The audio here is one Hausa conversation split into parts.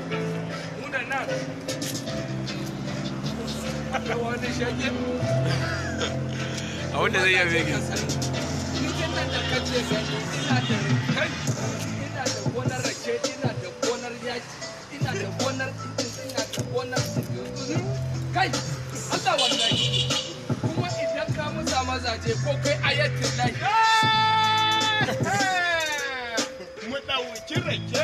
kyau mu da a zai yabe ki nan ina kai ina ina ina ina kai kuma idan ka musa mazaje ko kai ayatin lahi mu dauki rake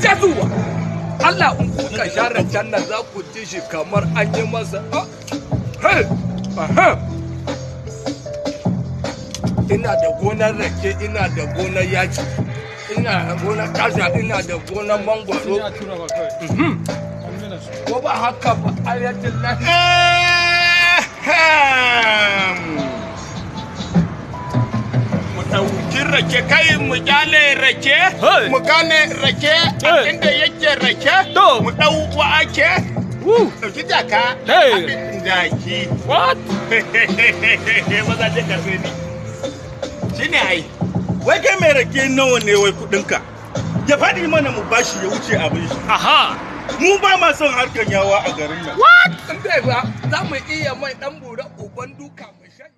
zuwa Allah in kuka share janna za ku ji shi kamar an yi masa ah, ina da gonar rake ina da gonar yaji ina da gonar kasha ina da gonar mangwaro mhm. ko ba haka ba ayatul lahi eh! cin rake kai mu kyale rake mu kane rake inda yake rake mu dau wa ake dauki jaka abin jaki what maza je karfe ni shine ai wai kai mai rake nawa ne wai kudinka ya fadi mana mu bashi ya wuce abin shi aha mu ba ma son harkan yawa a garin nan what za mu iya mai dan bura uban duka mu